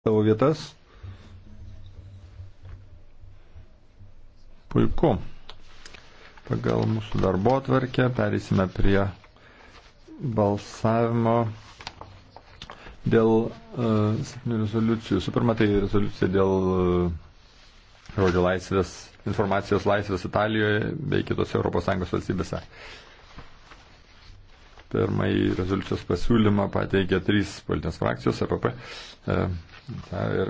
savo vietas. Puiku. Pagal mūsų darbo atvarkę perėsime prie balsavimo dėl uh, septynių rezoliucijų. Su pirma, tai rezoliucija dėl uh, žodžio laisvės, informacijos laisvės Italijoje bei kitose ES valstybėse. Pirmąjį rezoliucijos pasiūlymą pateikė trys politinės frakcijos, APP, e uh, Na, ir,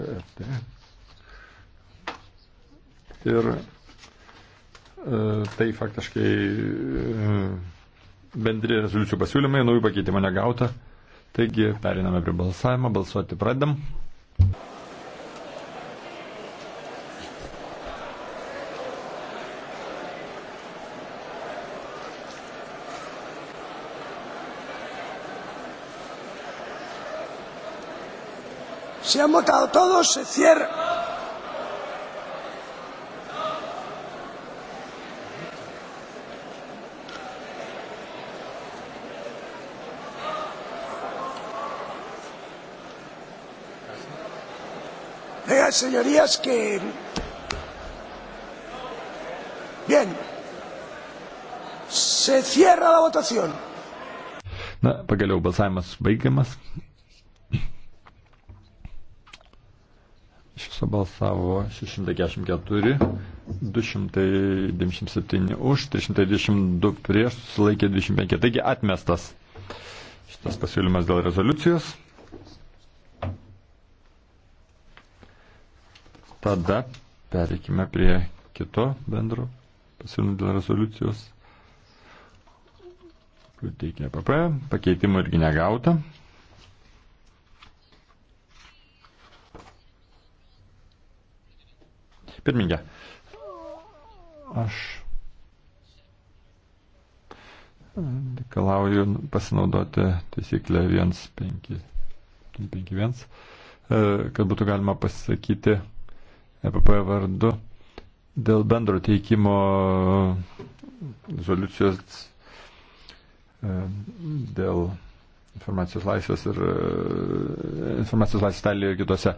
ir e, tai faktiškai e, bendri rezoliucijų pasiūlymai, naujų pakeitimų negauta. Taigi periname prie balsavimo, balsuoti pradam. han votado todos, se cierra. Vean, señorías, que. Bien. Se cierra la votación. Na, pagaliau balsavimas baigiamas. balsavo 644, 297 už, 322 prieš, sulaikė 25. Taigi atmestas šitas pasiūlymas dėl rezoliucijos. Tada pereikime prie kito bendro pasiūlymo dėl rezoliucijos. Teikinė PP, e, pakeitimų irgi negauta. Pirmininkė, aš reikalauju pasinaudoti taisyklę 151, e, kad būtų galima pasisakyti EPP vardu dėl bendro teikimo rezoliucijos e, dėl informacijos laisvės ir e, informacijos laisvės Italijoje ir kitose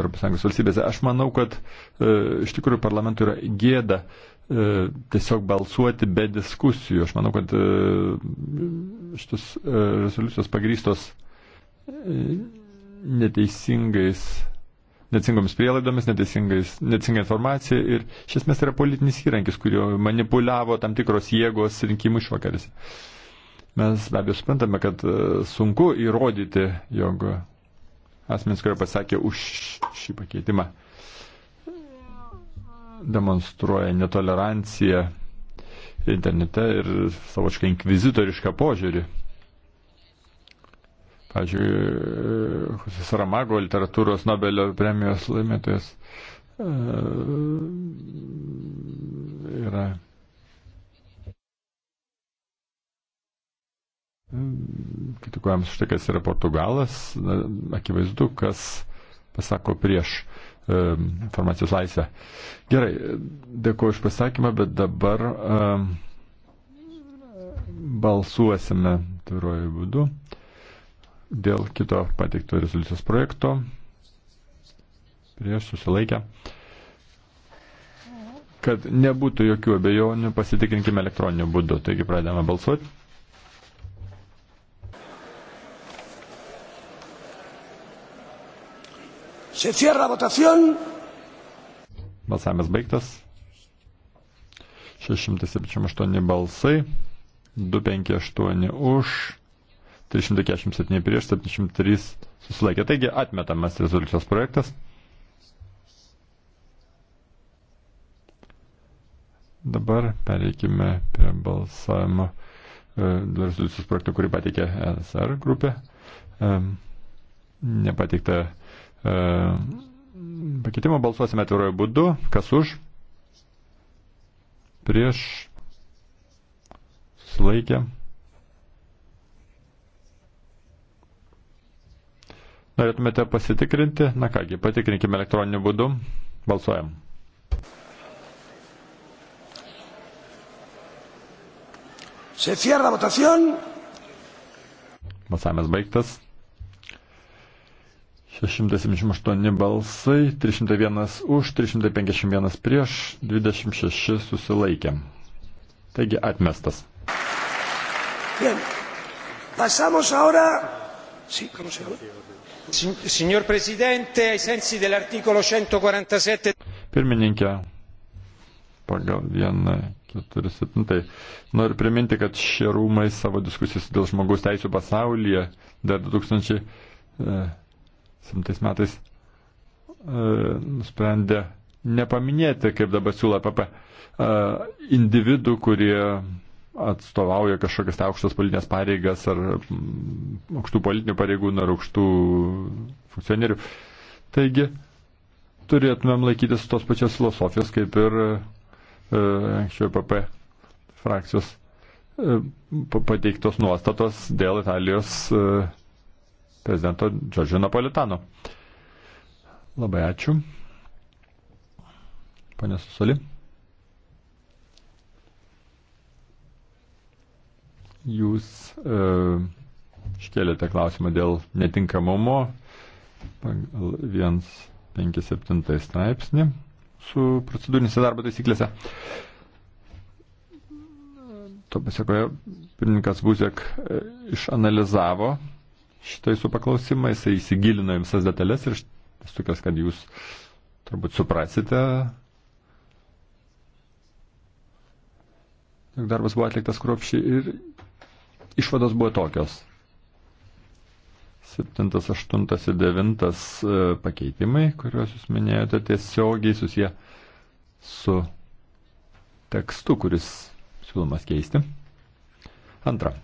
ES valstybėse. Aš manau, kad e, iš tikrųjų parlamentui yra gėda e, tiesiog balsuoti be diskusijų. Aš manau, kad e, šitos e, rezoliucijos pagrystos e, neteisingais neteisingomis prielaidomis, neteisinga informacija ir iš esmės tai yra politinis įrankis, kurio manipuliavo tam tikros jėgos rinkimų išvakarėse. Mes be abejo suprantame, kad e, sunku įrodyti, jog asmenys, kurie pasakė už šį pakeitimą, demonstruoja netoleranciją internete ir savočką inkvizitorišką požiūrį. Pavyzdžiui, Josės Ramago literatūros Nobelio premijos laimėtojas e, yra kritikuojamas štai, kas yra Portugalas, akivaizdu, kas pasako prieš informacijos laisvę. Gerai, dėkuoju iš pasakymą, bet dabar um, balsuosime tvirojų būdu dėl kito pateikto rezoliucijos projekto. Prieš susilaikę. Kad nebūtų jokių abejonių, pasitikrinkime elektroniniu būdu. Taigi pradėjome balsuoti. Se cierra votación. Balsavimas baigtas. 678 balsai. 258 už. 347 prieš. 703 susilaikė. Taigi atmetamas rezoliucijos projektas. Dabar pereikime prie balsavimo e, rezoliucijos projekto, kurį pateikė NSR grupė. E, nepateikta E, pakeitimo balsuosime atviroje būdu. Kas už? Prieš. Susilaikė. Norėtumėte pasitikrinti? Na kągi, patikrinkime elektroniniu būdu. Balsuojam. Se cierra votación. Balsavimas baigtas. 678 balsai, 301 už, 351 prieš, 26 susilaikė. Taigi atmestas. Bien. Pasamos ahora. Sí, ¿cómo se llama? Signor Presidente, ai sensi dell'articolo 147. Pirmininkė, pagal 147. Noriu priminti, kad šie rūmai savo diskusijas dėl žmogaus teisų pasaulyje dar 2000. E, 7 metais e, nusprendė nepaminėti, kaip dabar siūlo PP, e, individų, kurie atstovauja kažkokias tai aukštas politinės pareigas ar mm, aukštų politinių pareigūnų ar aukštų funkcionierių. Taigi, turėtumėm laikytis tos pačios filosofijos, kaip ir e, anksčiau PP frakcijos pateiktos nuostatos dėl Italijos prezidento Džordžio Napolitano. Labai ačiū. Pane Susoli. Jūs e, iškėlėte klausimą dėl netinkamumo pagal 157 straipsnį su procedūrinėse darbo taisyklėse. To pasiekoje pirmininkas Buzek e, išanalizavo šitai su paklausimai, jisai įsigilino į visas detalės ir esu tikras, kad jūs turbūt suprasite. Juk darbas buvo atliktas kruopšiai ir išvados buvo tokios. 7, 8 ir 9 e, pakeitimai, kuriuos jūs minėjote, tiesiogiai susiję su tekstu, kuris siūlomas keisti. Antra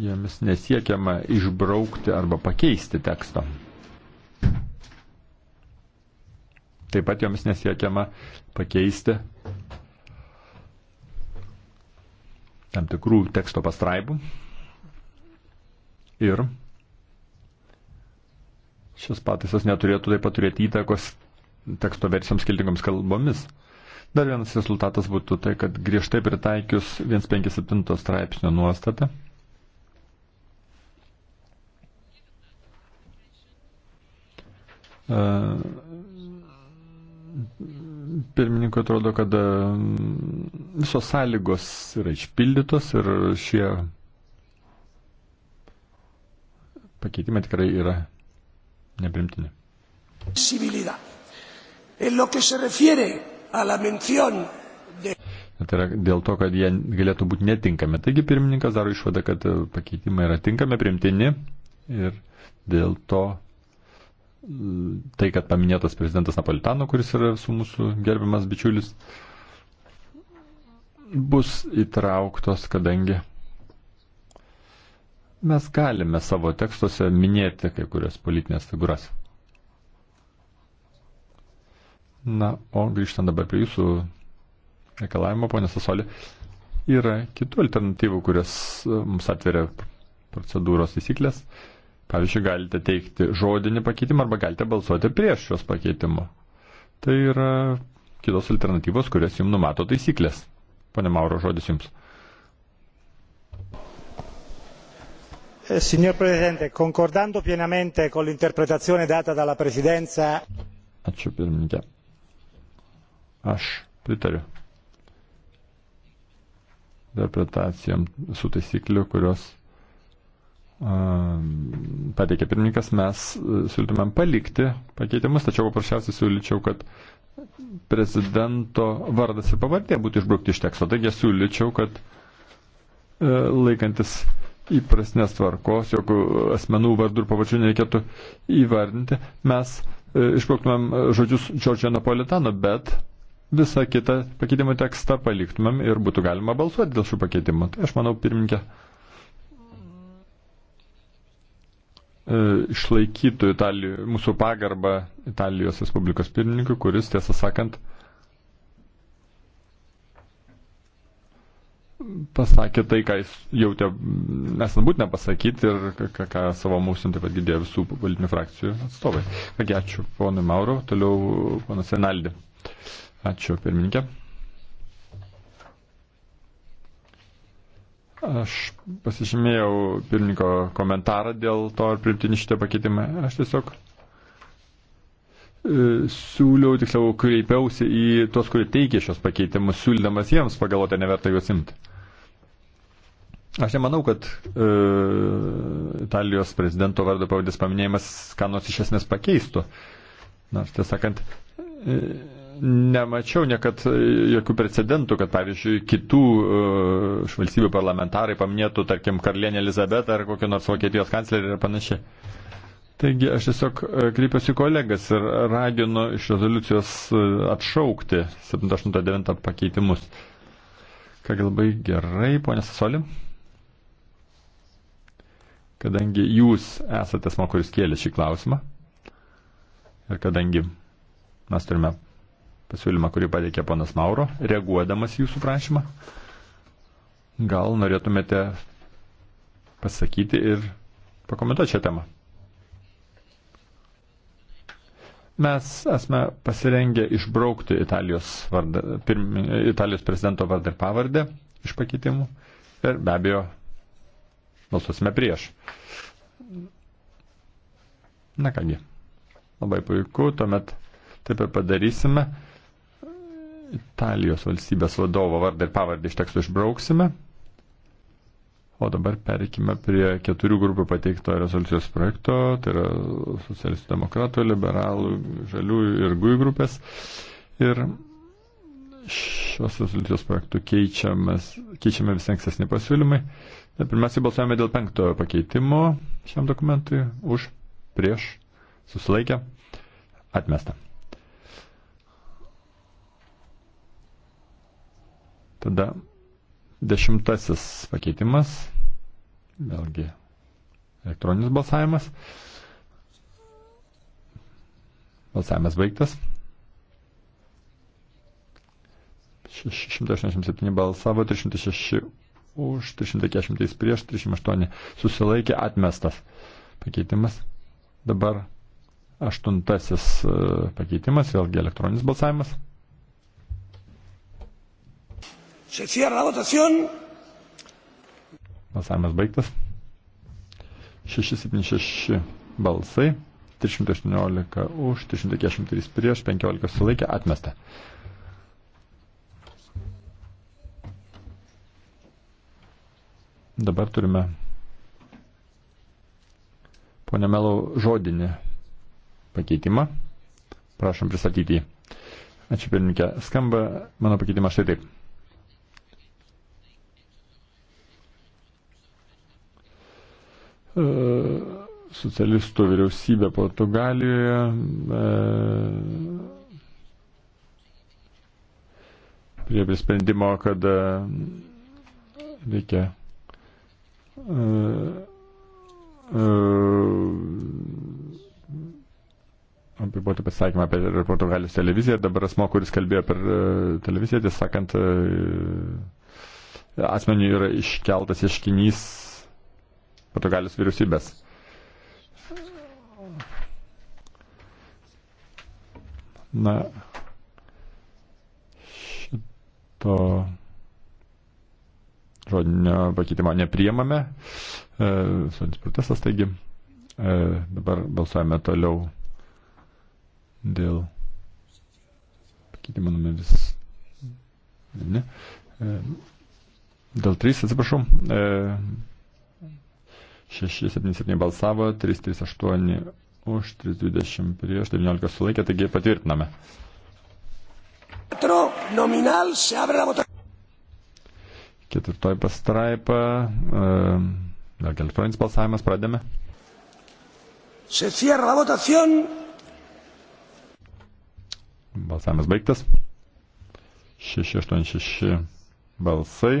jomis nesiekiama išbraukti arba pakeisti teksto. Taip pat jomis nesiekiama pakeisti tam tikrų teksto pastraipų. Ir šios pataisas neturėtų taip pat turėti įtakos teksto versijoms skirtingoms kalbomis. Dar vienas rezultatas būtų tai, kad griežtai pritaikius 157 straipsnio nuostatą E, pirmininkui atrodo, kad e, visos sąlygos yra išpildytos ir šie pakeitimai tikrai yra neprimtini. Tai yra dėl to, kad jie galėtų būti netinkami. Taigi pirmininkas daro išvadą, kad pakeitimai yra tinkami, primtini ir dėl to tai, kad paminėtas prezidentas Napolitano, kuris yra su mūsų gerbiamas bičiulis, bus įtrauktos, kadangi mes galime savo tekstuose minėti kai kurias politinės figūras. Na, o grįžtant dabar prie jūsų reikalavimo, ponė Sasoli, yra kitų alternatyvų, kurias mums atveria procedūros įsiklės. Uh, Pavyzdžiui, galite teikti žodinį pakeitimą arba galite balsuoti prieš šios pakeitimo. Tai yra kitos alternatyvos, kurias jums numato taisyklės. Pane Mauro, žodis jums. Eh, signor Presidente, concordando pienamente con l'interpretazione data dalla Presidenza. Ačiū pirmininkė. Aš pritariu interpretacijom su taisykliu, kurios pateikė pirmininkas, mes e, siūlytumėm palikti pakeitimus, tačiau paprasčiausiai siūlyčiau, kad prezidento vardas ir pavardė būtų išbraukti iš teksto. Taigi siūlyčiau, kad e, laikantis įprasnės tvarkos, jog asmenų vardų ir pavardžių nereikėtų įvardinti, mes e, išbrauktumėm žodžius Džordžio Napolitano, bet visą kitą pakeitimų tekstą paliktumėm ir būtų galima balsuoti dėl šių pakeitimų. Tai aš manau, pirmininkė, E, išlaikytų Italijų, mūsų pagarbą Italijos Respublikos pirmininkui, kuris, tiesą sakant, pasakė tai, ką jis jautė, nes būtina pasakyti ir ką, ką savo mūsų taip pat girdėjo visų politinių frakcijų atstovai. Kągi, ačiū ponui Mauro, toliau ponas Enaldi. Ačiū pirmininkė. Aš pasižymėjau pirmininko komentarą dėl to, ar priimtini šitą pakeitimą. Aš tiesiog e, siūliau, tiksliau, kreipiausi į tuos, kurie teikė šios pakeitimus, siūlydamas jiems pagalvoti, neverta juos imti. Aš nemanau, kad e, Italijos prezidento vardo pavadės paminėjimas ką nors iš esmės pakeistų. Nors, tiesą sakant, e, nemačiau niekad e, jokių precedentų, kad pavyzdžiui kitų uh, valstybių parlamentarai paminėtų, tarkim, karalienę Elizabetą ar kokią nors Vokietijos kanclerį ir panašiai. Taigi aš tiesiog e, kreipiuosi kolegas ir raginu iš rezoliucijos atšaukti 789 pakeitimus. Kągi labai gerai, ponė Sasoli. Kadangi jūs esate asmo, kuris kėlė šį klausimą ir kadangi mes turime pasiūlymą, kurį pateikė ponas Mauro, reaguodamas jūsų prašymą. Gal norėtumėte pasakyti ir pakomentuoti šią temą? Mes esame pasirengę išbraukti Italijos, vardą, pirmi, Italijos prezidento vardą ir pavardę iš pakeitimų ir be abejo balsuosime prieš. Na kągi, labai puiku, tuomet taip ir padarysime. Italijos valstybės vadovo vardą ir pavardę iš teksto išbrauksime. O dabar pereikime prie keturių grupių pateikto rezoliucijos projekto, tai yra socialistų demokratų, liberalų, žaliųjų ir gui grupės. Ir šios rezoliucijos projektų keičiame visi ankstesni pasiūlymai. Pirmiausiai balsuojame dėl penktojo pakeitimo šiam dokumentui už, prieš, susilaikę, atmestą. Tada dešimtasis pakeitimas, vėlgi elektroninis balsavimas. Balsavimas baigtas. 687 balsavo, 306 už, 340 prieš, 308 susilaikė atmestas pakeitimas. Dabar aštuntasis e, pakeitimas, vėlgi elektroninis balsavimas. Se cierra la votación. Balsavimas baigtas. 676 balsai, 318 už, 343 prieš, 15 sulaikė, atmesta. Dabar turime ponė Melau žodinį pakeitimą. Prašom pristatyti jį. Ačiū pirmininkė. Skamba mano pakeitimas štai taip. E, socialistų vyriausybė Portugalijoje prie prisprendimo, kad e, reikia e, apriboti pasakymą apie Portugalijos televiziją. Dabar asmo, kuris kalbėjo per televiziją, tiesą sakant, asmeniui yra iškeltas ieškinys Portugalijos vyriausybės. Na, šito žodinio pakeitimo nepriemame. E, visuotinis protestas, taigi e, dabar balsuojame toliau dėl pakeitimo numeris. Ne. Dėl 3, atsiprašau. E, 677 balsavo, 338 už, 320 prieš, 19 sulaikė, taigi patvirtiname. Ketvirtoji pastraipa, dar elektroninis balsavimas, pradėme. Balsavimas baigtas. 686 balsai.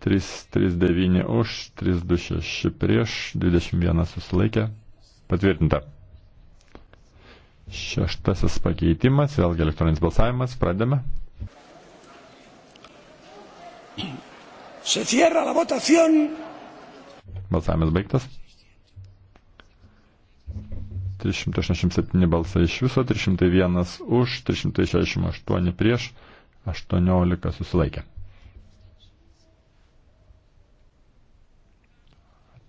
339 už, 326 prieš, 21 susilaikė. Patvirtinta. Šeštasis pakeitimas, vėlgi elektroninis balsavimas, pradėme. Se cierra la votación. Balsavimas baigtas. 387 balsai iš viso, 301 už, 368 prieš, 18 susilaikė.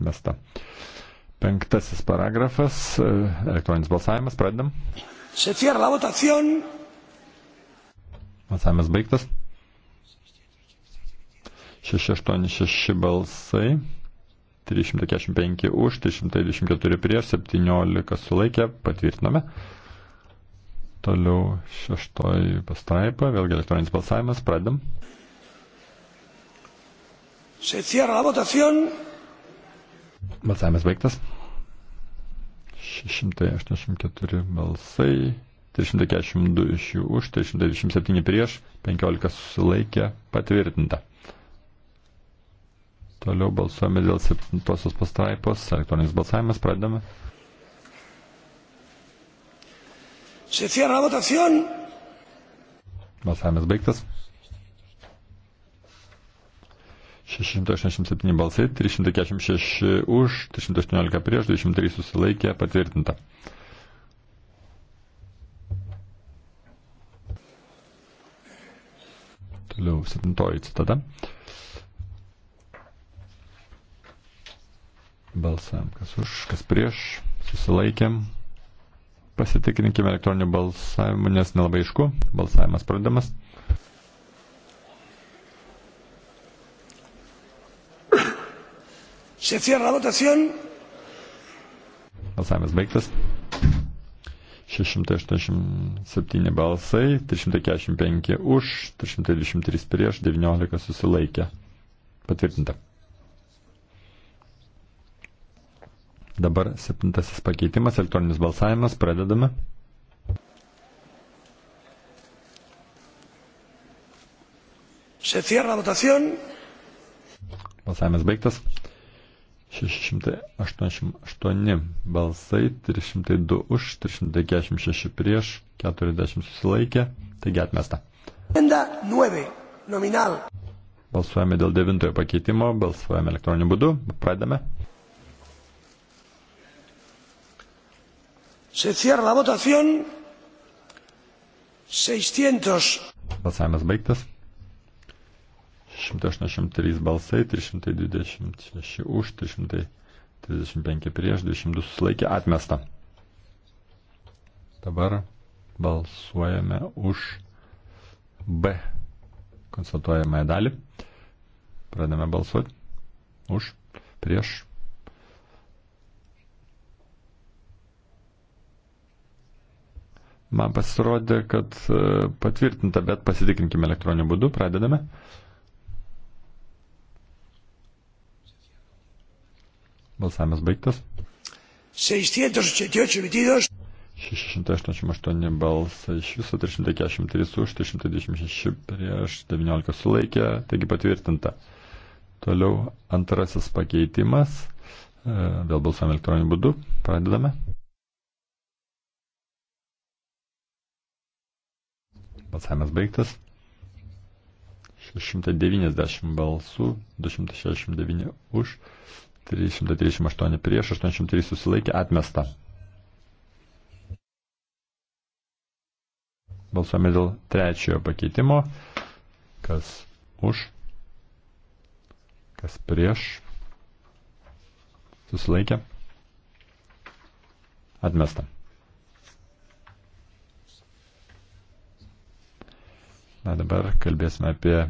atmesta. Penktasis paragrafas, e, elektroninis balsavimas, pradedam. Se cierra votación. Balsavimas baigtas. 686 balsai, 345 už, 324 prieš, 17 sulaikė, patvirtiname. Toliau šeštoji pastraipa, vėlgi elektroninis balsavimas, pradedam. Se cierra votación. Balsavimas baigtas. 684 balsai, 342 iš jų už, 327 prieš, 15 susilaikė, patvirtinta. Toliau balsuojame dėl 7 pastraipos, elektroninis balsavimas, pradedame. Se cierra la votación. Balsavimas baigtas. 687 balsai, 346 už, 318 prieš, 23 susilaikė, patvirtinta. Toliau, septintoji citata. Balsam, kas už, kas prieš, susilaikėm. Pasitikrinkime elektroninių balsavimų, nes nelabai aišku. Balsavimas pradamas. Se cierra la votación. Balsavimas baigtas. 687 balsai, 345 už, 323 prieš, 19 susilaikė. Patvirtinta. Dabar septintasis pakeitimas, elektroninis balsavimas, pradedame. Se cierra votación. Balsavimas baigtas. 688 balsai, 302 už, 346 prieš, 40 susilaikė, taigi atmesta. Balsuojame dėl devintojo pakeitimo, balsuojame elektroniniu būdu, pradame. Se cierra la votación. 600. Balsavimas baigtas. 183 balsai, 326 už, 335 prieš, 22 susilaikė atmesta. Dabar balsuojame už B konstatuojamąją dalį. Pradame balsuoti už, prieš. Man pasirodė, kad e, patvirtinta, bet pasitikrinkime elektroniniu būdu. Pradedame. Uh, Balsavimas baigtas. 688 balsai iš viso, 343 už, 326 prieš, 19 sulaikė, taigi patvirtinta. Toliau antrasis pakeitimas. E, vėl balsuojame elektroniniu būdu. Pradedame. Balsavimas baigtas. 690 balsų, 269 už, 338 prieš, 803 susilaikė, atmesta. Balsuojame dėl trečiojo pakeitimo. Kas už, kas prieš, susilaikė, atmesta. Na dabar kalbėsime apie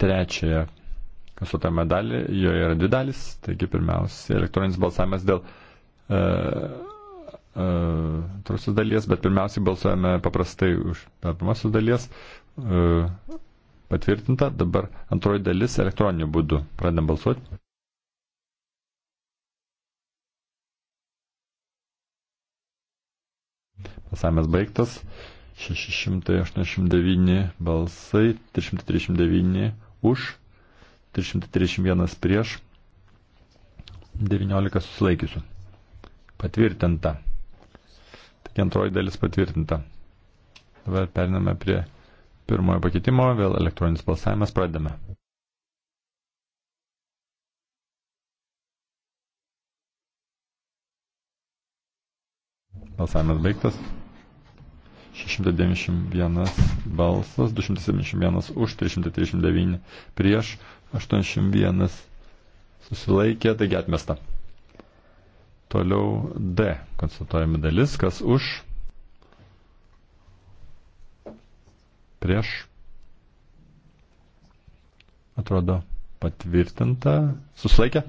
trečiąją konsultuojamą dalį, joje yra dvi dalis, taigi pirmiausia elektroninis balsavimas dėl uh, uh, trusios dalies, bet pirmiausiai balsuojame paprastai už pirmosios dalies uh, e, patvirtinta, dabar antroji dalis elektroniniu būdu. Pradedam balsuoti. Balsavimas baigtas. 689 balsai, 339 už, 331 prieš, 19 susilaikysiu. Patvirtinta. Taigi antroji dalis patvirtinta. Dabar periname prie pirmojo pakeitimo, vėl elektroninis balsavimas, pradedame. Balsavimas baigtas. 691 balsas, 271 už, 339 prieš, 81 susilaikė, taigi atmesta. Toliau D konstatuojami dalis, kas už, prieš, atrodo patvirtinta, susilaikė,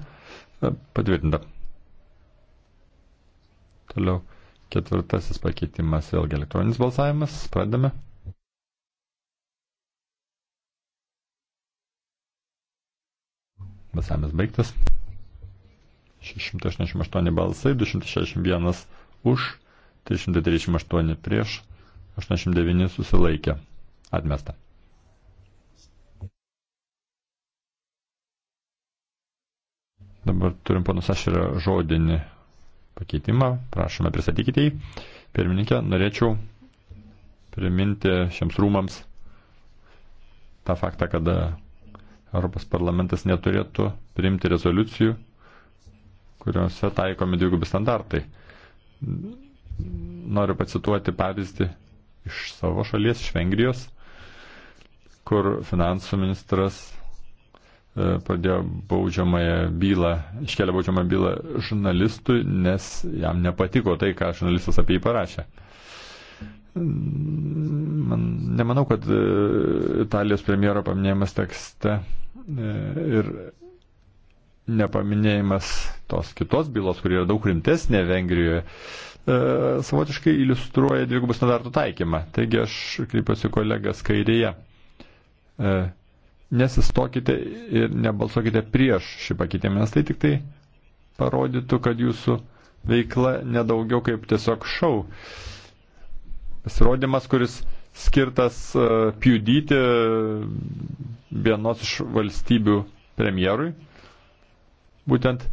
patvirtinta. Toliau ketvirtasis pakeitimas, vėlgi elektroninis balsavimas, pradame. Balsavimas baigtas. 688 balsai, 261 už, 338 prieš, 89 susilaikė. Atmesta. Dabar turim ponus Ašerio žodinį pakeitimą. Prašome, pristatykite jį. Pirmininkė, norėčiau priminti šiems rūmams tą faktą, kada Europos parlamentas neturėtų priimti rezoliucijų, kuriuose taikomi dvigubi standartai. Noriu pacituoti pavyzdį iš savo šalies, iš Vengrijos, kur finansų ministras e, pradėjo baudžiamąją bylą, iškelia baudžiamąją bylą žurnalistui, nes jam nepatiko tai, ką žurnalistas apie jį parašė. Man, nemanau, kad e, Italijos premjero paminėjimas tekste ir nepaminėjimas tos kitos bylos, kur yra daug rimtesnė Vengrijoje, e, savotiškai iliustruoja dvigubų standartų taikymą. Taigi aš kreipiuosi kolegas kairėje. E, nesistokite ir nebalsuokite prieš šį pakeitimą, nes tai tik tai parodytų, kad jūsų veikla nedaugiau kaip tiesiog šau. Pasirodymas, kuris skirtas e, pjudyti vienos iš valstybių premjerui, būtent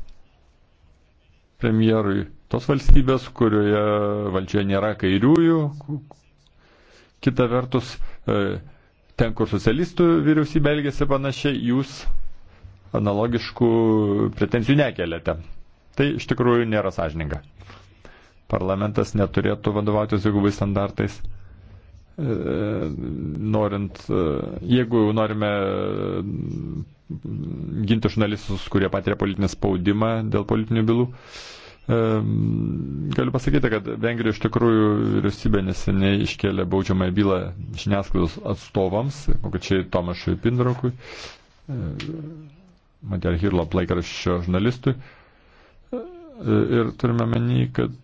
premjerui tos valstybės, kurioje valdžioje nėra kairiųjų, kita vertus, e, ten, kur socialistų vyriausybė elgėsi panašiai, jūs analogiškų pretenzijų nekeliate. Tai iš tikrųjų nėra sąžininga. Parlamentas neturėtų vadovautis dvigubais standartais. E, norint, e, jeigu norime e, ginti žurnalistus, kurie patiria politinį spaudimą dėl politinių bylų, galiu pasakyti, kad Vengrija iš tikrųjų vyriausybė neseniai iškėlė baudžiamąją bylą žiniasklaidos atstovams, konkrečiai Tomašui Pindrokui, Matėl Hirlop laikraščio žurnalistui. Ir turime menį, kad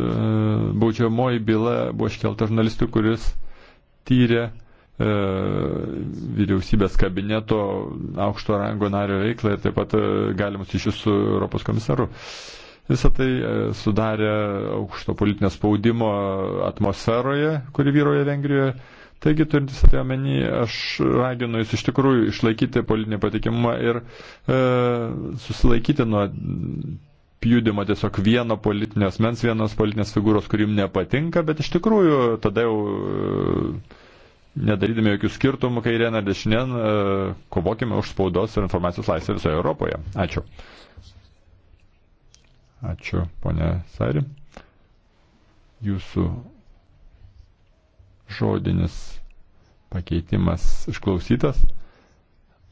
baudžiamoji byla buvo iškelta žurnalistui, kuris tyrė e, vyriausybės kabineto aukšto rango nario veiklą ir taip pat e, galimus ryšius su Europos komisaru. Visą tai e, sudarė aukšto politinio spaudimo atmosferoje, kuri vyroja Vengrijoje. Taigi, turint visą tai omeny, aš raginu jūs iš tikrųjų išlaikyti politinį patikimumą ir e, susilaikyti nuo apjudimo tiesiog vieno politinio asmens, vienos politinės figūros, kurim nepatinka, bet iš tikrųjų tada jau e, nedarydami jokių skirtumų kairien ar dešinien, e, kovokime už spaudos ir informacijos laisvę visoje Europoje. Ačiū. Ačiū, ponė Sari. Jūsų žodinis pakeitimas išklausytas.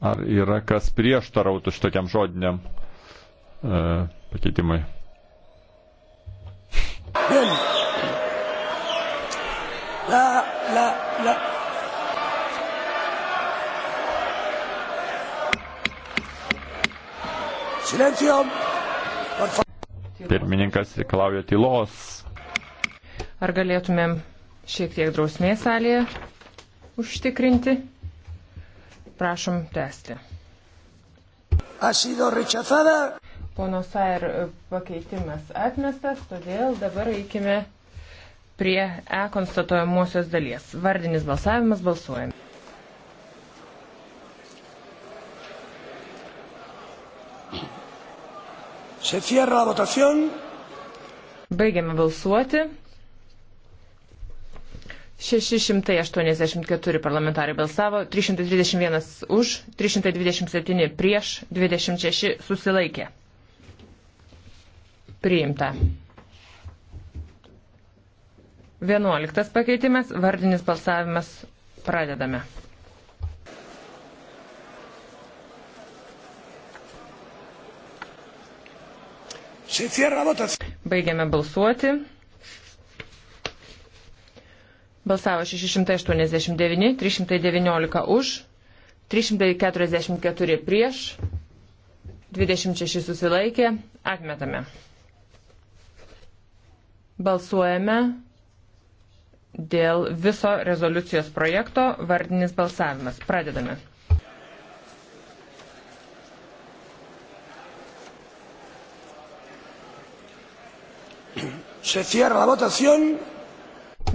Ar yra kas prieštarautų šitokiam žodiniam? Uh, pakeitimai. La, la, la. Silencio. Pirmininkas reikalauja tylos. Ar galėtumėm šiek tiek drausmės salėje užtikrinti? Prašom tęsti. Ha sido rechazada. Pono Sair pakeitimas atmestas, todėl dabar eikime prie E konstatuojamosios dalies. Vardinis balsavimas balsuojame. Se cierra la votación. Baigiame balsuoti. 684 parlamentarai balsavo, 331 už, 327 prieš, 26 susilaikė. Priimta. Vienuoliktas pakeitimas, vardinis balsavimas, pradedame. Baigiame balsuoti. Balsavo 689, 319 už, 344 prieš, 26 susilaikė, atmetame. Balsuojame dėl viso rezoliucijos projekto vardinis balsavimas. Pradedame. Se cierra la votación.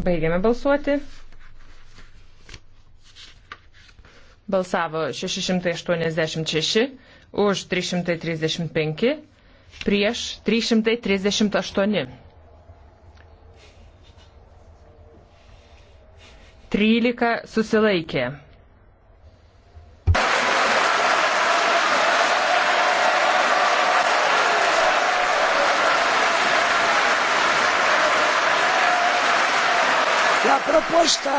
Baigiame balsuoti. Balsavo 686, už 335, prieš 338. 13 susilaikė. La propuesta,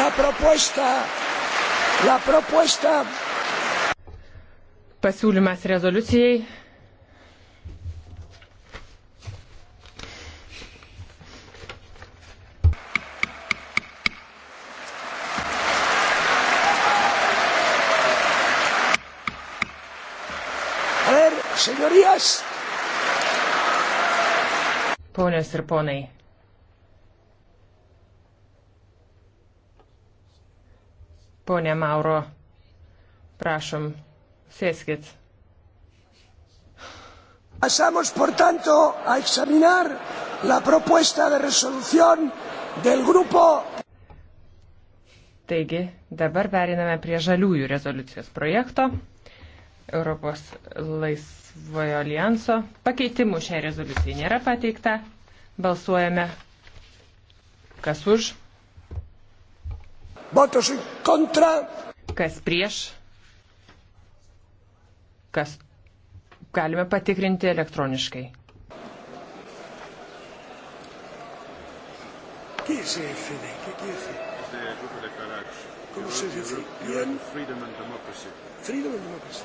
la propuesta, la propuesta. Pasiūlymas rezoliucijai Christ. Ponios ir ponai. Pone Mauro, prašom, sėskit. Pasamos, por tanto, a examinar la propuesta de resolución del grupo. Taigi, dabar periname prie žaliųjų rezoliucijos projekto. Europos laisvojo alijanso. Pakeitimų šiai rezoliucijai nėra pateikta. Balsuojame. Kas už? Votos kontra. Kas prieš? Kas galime patikrinti elektroniškai. ¿Qué es FD? ¿Qué quiere decir? Es del grupo de Karach. ¿Cómo se dice? Freedom and Democracy. Freedom and Democracy.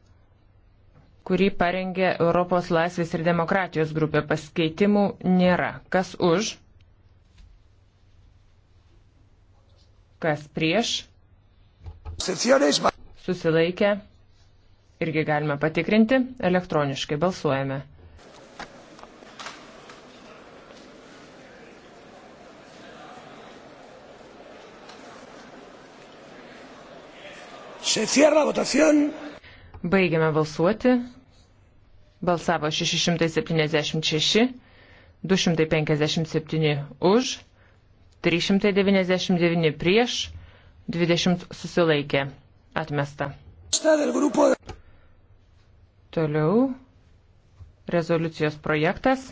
kurį parengė Europos laisvės ir demokratijos grupė. Paskeitimų nėra. Kas už? Kas prieš? Susilaikę. Irgi galime patikrinti. Elektroniškai balsuojame. Baigiame balsuoti balsavo 676, 257 už, 399 prieš, 20 susilaikė. Atmesta. Toliau rezoliucijos projektas,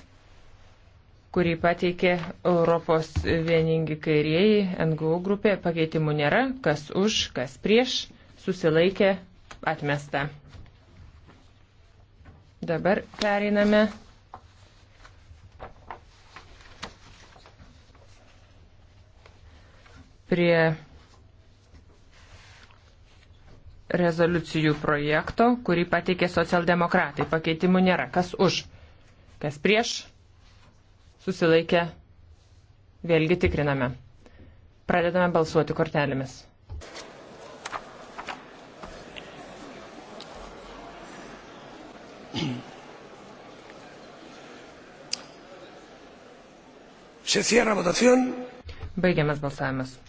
kurį pateikė Europos vieningi kairieji NGO grupė. Pakeitimų nėra, kas už, kas prieš, susilaikė, atmesta. Dabar pereiname prie rezoliucijų projekto, kurį pateikė socialdemokratai. Pakeitimų nėra. Kas už? Kas prieš? Susilaikė. Vėlgi tikriname. Pradedame balsuoti kortelėmis. Se cierra votación. Baigiamas balsavimas.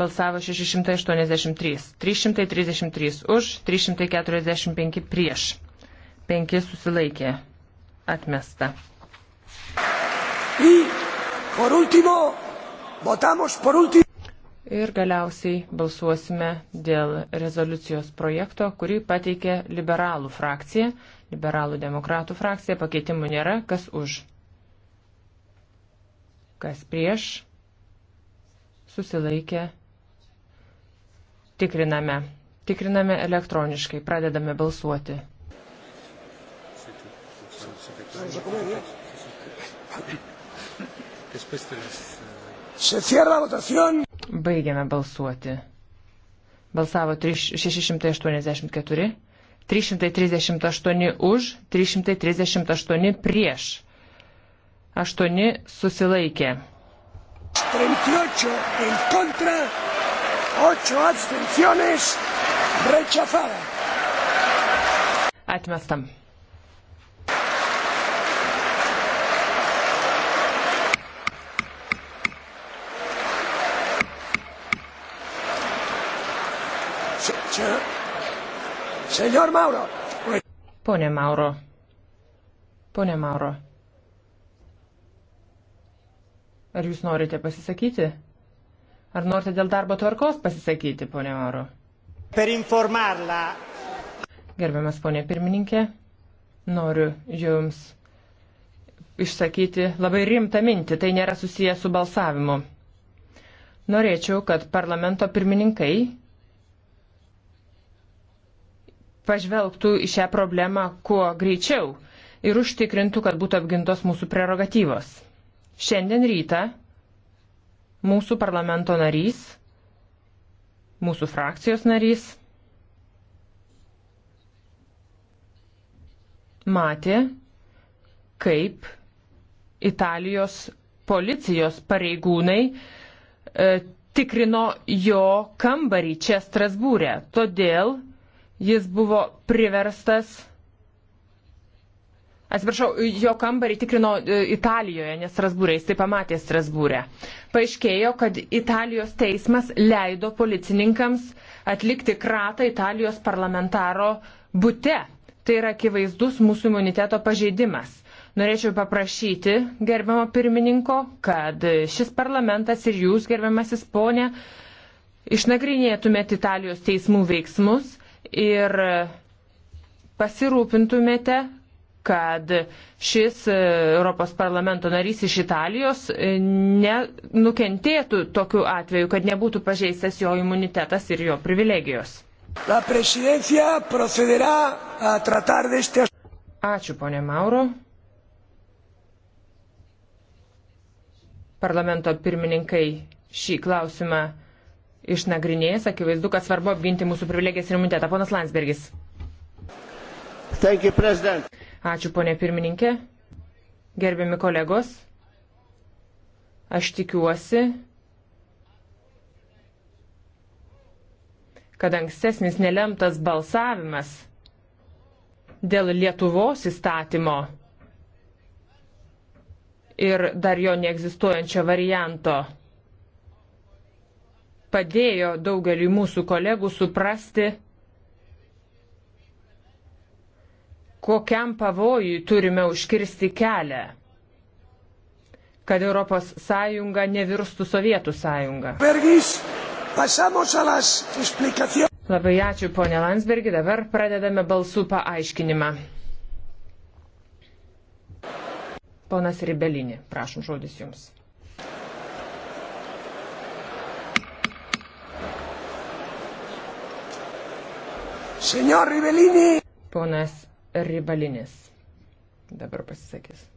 Balsavo 683, 333 už, 345 prieš, 5 susilaikė, atmesta. Y, por último, votamos por último ir galiausiai balsuosime dėl rezoliucijos projekto, kurį pateikė liberalų frakcija, liberalų demokratų frakcija, pakeitimų nėra, kas už, kas prieš, susilaikė, tikriname, tikriname elektroniškai, pradedame balsuoti. Se cierra la votación. Baigiame balsuoti. Balsavo 3, 684, 338 už, 338 prieš. 8 susilaikė. 38 en contra, 8 abstenciones, rechazada. Atmestam. Senor Mauro. Pone Mauro. Pone Mauro. Ar jūs norite pasisakyti? Ar norite dėl darbo tvarkos pasisakyti, ponė Mauro? Per informarla. Gerbiamas ponė pirmininkė, noriu jums išsakyti labai rimtą mintį, tai nėra susiję su balsavimu. Norėčiau, kad parlamento pirmininkai pažvelgtų į šią problemą kuo greičiau ir užtikrintų, kad būtų apgintos mūsų prerogatyvos. Šiandien rytą mūsų parlamento narys, mūsų frakcijos narys matė, kaip Italijos policijos pareigūnai e, tikrino jo kambarį čia Strasbūrė. Todėl jis buvo priverstas. Atsiprašau, jo kambarį tikrino e, Italijoje, nes Strasbūrė, jis tai pamatė Strasbūrė. Paaiškėjo, kad Italijos teismas leido policininkams atlikti kratą Italijos parlamentaro bute. Tai yra akivaizdus mūsų imuniteto pažeidimas. Norėčiau paprašyti gerbiamo pirmininko, kad šis parlamentas ir jūs, gerbiamasis ponė, išnagrinėtumėt Italijos teismų veiksmus ir pasirūpintumėte, kad šis e, Europos parlamento narys iš Italijos e, nenukentėtų tokiu atveju, kad nebūtų pažeistas jo imunitetas ir jo privilegijos. Este... Ačiū, ponė Mauro. Parlamento pirmininkai šį klausimą išnagrinės, akivaizdu, kad svarbu apginti mūsų privilegijas ir imunitetą. Ponas Landsbergis. You, Ačiū, ponė pirmininkė. Gerbiami kolegos, aš tikiuosi, kad ankstesnis nelemtas balsavimas dėl Lietuvos įstatymo ir dar jo neegzistuojančio varianto padėjo daugelį mūsų kolegų suprasti, kokiam pavojui turime užkirsti kelią, kad ES nevirstų Sovietų sąjunga. Bergis, Labai ačiū, ponė Landsbergi. Dabar pradedame balsų paaiškinimą. Ponas Ribelinė, prašom žodis jums. Ponas Ribalinis dabar pasisakys.